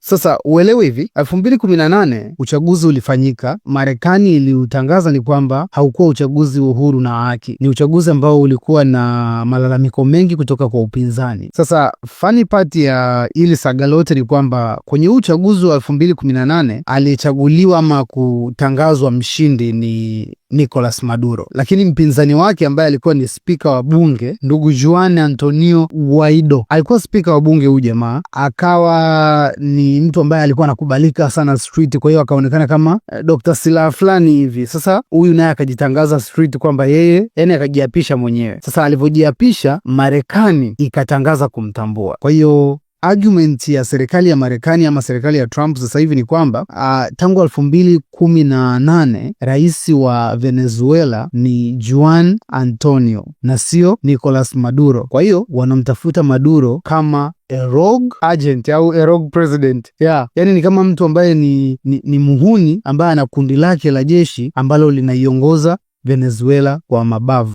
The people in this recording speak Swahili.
Sasa uelewe hivi, 2018 uchaguzi ulifanyika Marekani, iliutangaza ni kwamba haukuwa uchaguzi uhuru na haki, ni uchaguzi ambao ulikuwa na malalamiko mengi kutoka kwa upinzani. Sasa funny part ya ili saga lote ni kwamba kwenye uchaguzi wa 2018 aliyechaguliwa ama kutangazwa mshindi ni Nicolas Maduro, lakini mpinzani wake ambaye alikuwa ni spika wa bunge ndugu Juan Antonio Guaido alikuwa spika wa bunge. Huyu jamaa akawa ni mtu ambaye alikuwa anakubalika sana street, kwa hiyo akaonekana kama eh, Dr. silaha fulani hivi. Sasa huyu naye akajitangaza street kwamba yeye, yani akajiapisha mwenyewe. Sasa alivyojiapisha, Marekani ikatangaza kumtambua, kwa hiyo argument ya serikali ya Marekani ama serikali ya Trump sasa hivi ni kwamba uh, tangu 2018 rais wa Venezuela ni Juan Antonio na sio Nicolas Maduro. Kwa hiyo wanamtafuta Maduro kama a rogue agent au a rogue president yeah. Yani ni kama mtu ambaye ni, ni, ni muhuni ambaye ana kundi lake la jeshi ambalo linaiongoza Venezuela kwa mabavu.